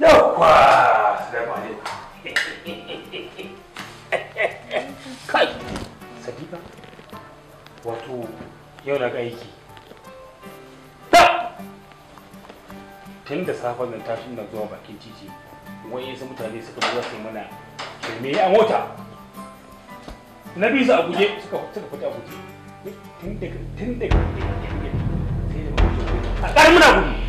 yawwa salamu alaikum kai sadiqa wato yau na aiki. Ta. tun da safe nan tashi na zuwa bakin titi wani yasa mutane suka zuwa sai mana kirme a mota na biyu su a guje suka fita a guje tun daga tun daga sai da mutum a ƙar muna gudu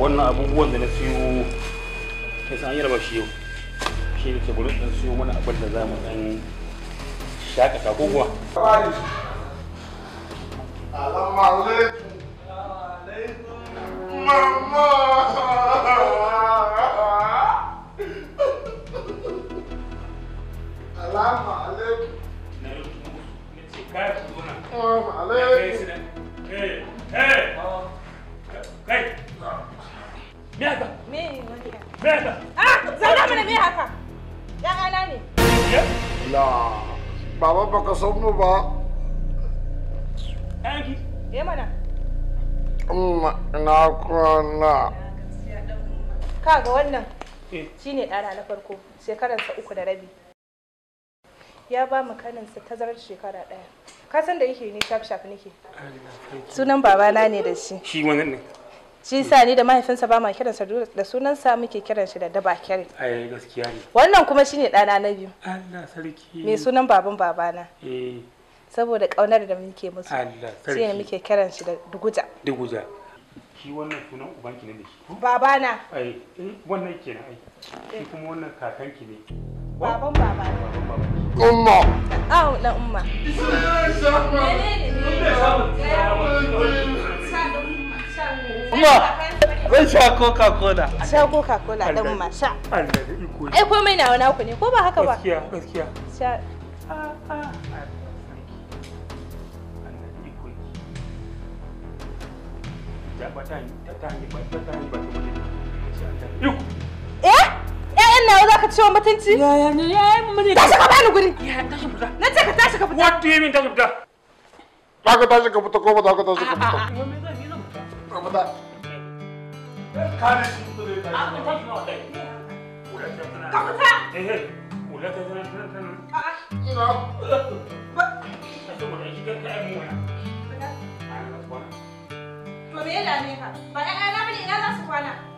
wannan abubuwan da na siyo ya san yi raba shi shi ne ke gudun ɗan siyo mana abin da za mu ɗan shakata ko kuwa. Alamu alaikum. Mama. Alamu alaikum. Na yi mutu. Ni ce kayan zuwa. Alamu alaikum. Hey, eh, eh. hey. Ah, zauna baba baka san mu ba. Mm, na kwana. Ka ga wannan eh. shine ɗana na farko shekaransa uku da rabi. Ya ba mu kaninsa tazarar shekara ɗaya. Ka san da yake ni shaf-shaf nake. Sunan babana ne da shi. Shi ne. shi sa ni da mahaifinsa ba ma sa, da sunansa muke kiran shi da daba kyari ai gaskiya ne wannan kuma shine dana na biyu Allah sarki Me sunan baban babana eh saboda kaunar da muke musu Allah sarki sai muke kiran shi da duguja duguja shi wannan sunan ki ne da shi babana ai eh, wannan kenan ai shi kuma wannan kakan ki ne baban babana umma au na umma menene ne ma zan sha coca cola a sha coca cola dan ma sha da ai komai nawa ku ne ko ba haka ba gaskiya gaskiya sha a Eh? za ka ciwo mutunci? ya ne, ya'yan mu ne. Tashi ka bani guri. Tashi fita. Na ce ka tashi ka fita. What do you mean tashi fita? Za ka tashi ka fita ko ba za ka tashi ka fita? Ka fita. kare ka ka na za su kwana